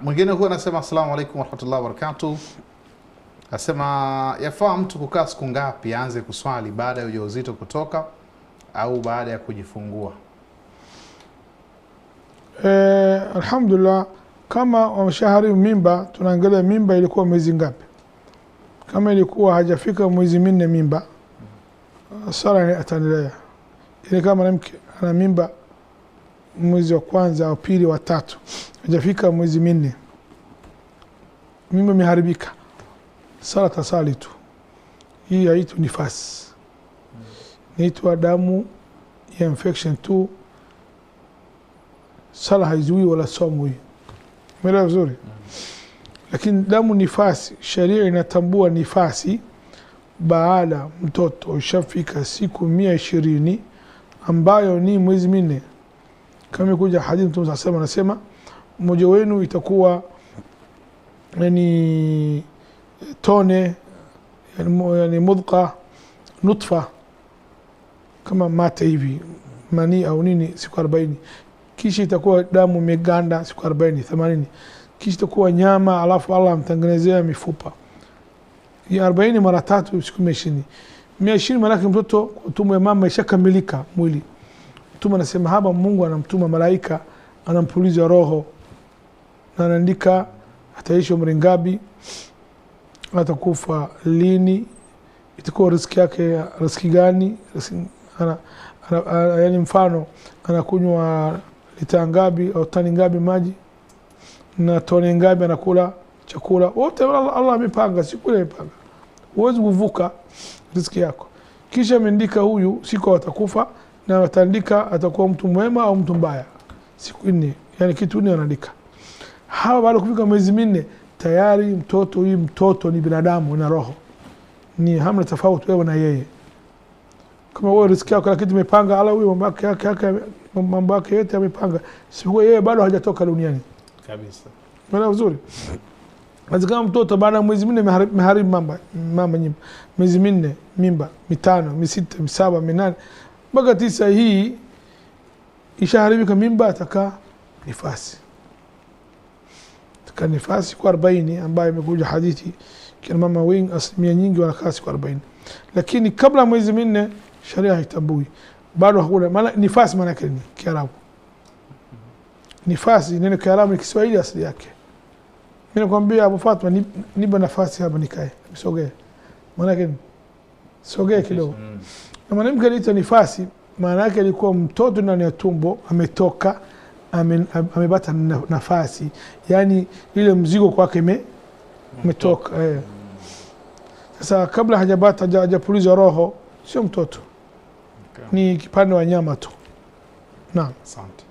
Mwingine huyu anasema asalamu alaikum warahmatullahi wabarakatuh. Anasema yafaa mtu kukaa siku ngapi aanze kuswali baada ya ujauzito kutoka au baada ya kujifungua? Eh, alhamdulillah, kama wameshaharibu mimba tunaangalia mimba ilikuwa mwezi ngapi. Kama ilikuwa hajafika mwezi minne mimba, sala ni atanilea. ile. kama mwanamke ana mimba mwezi wa kwanza wa pili wa tatu, hajafika mwezi minne, mimi imeharibika, sala tasali tu. Hii haitu nifasi, niitwa damu ya infection tu. Sala haizuii wala somu, hii umeelewa vizuri. Lakini damu nifasi, sheria inatambua nifasi baada mtoto ishafika siku mia ishirini ambayo ni mwezi minne kama imekuja hadithi Mtume saa sallam anasema mmoja wenu itakuwa yani tone yani mudqa nutfa kama mate hivi mani au nini siku arobaini kisha itakuwa damu imeganda siku arobaini themanini kisha itakuwa nyama alafu allah amtengenezea mifupa ya arobaini mara tatu siku mia ishirini mia ishirini maanake mtoto tumbo ya mama ishakamilika mwili Mtume anasema hapa Mungu anamtuma malaika anampuliza roho na anaandika ataishi umri ngapi, atakufa lini, itakuwa riski yake riski gani, ana, mfano anakunywa lita ngapi au tani ngapi maji na tone ngapi anakula chakula, wote Allah amepanga, siku amepanga, huwezi kuvuka riski yako. Kisha ameandika huyu siku atakufa na ataandika atakuwa mtu mwema au mtu mbaya, siku nne, yani kitu nne anaandika hawa. Baada kufika miezi minne, tayari mtoto huyu, mtoto ni binadamu na roho ni hamna tofauti wewe na yeye. Kama wewe riziki yako kila kitu imepanga, ala huyu mambo yake yake yake mambo yake yote yamepanga, sikuwa yeye bado hajatoka duniani kabisa. Unaona uzuri basi. Kama mtoto baada ya mwezi minne meharibu mamba mama nyimba, miezi minne mimba mitano misita misaba minane mpaka tisa hii ishaharibika mimba, ataka nifasi, atakaa nifasi siku arobaini, ambayo imekuja hadithi kina mama wengi, asilimia nyingi wanakaa siku arobaini, lakini kabla ya mwezi minne sharia haitambui bado, hakuna maana nifasi. Maana yake ni Kiarabu nifasi, neno Kiarabu ni Kiswahili asili yake. Mimi nakwambia Abu Fatma, nipa nafasi hapa nikae, nisogee, maana yake sogee kidogo mm na mwanamke aliitwa nifasi, maana yake alikuwa mtoto ndani ya tumbo ametoka, amepata ame nafasi, yaani ile mzigo kwake umetoka. Eh. Sasa eh, kabla hajapata hajapulizwa roho sio mtoto okay, ni kipande wa nyama tu. Naam, asante.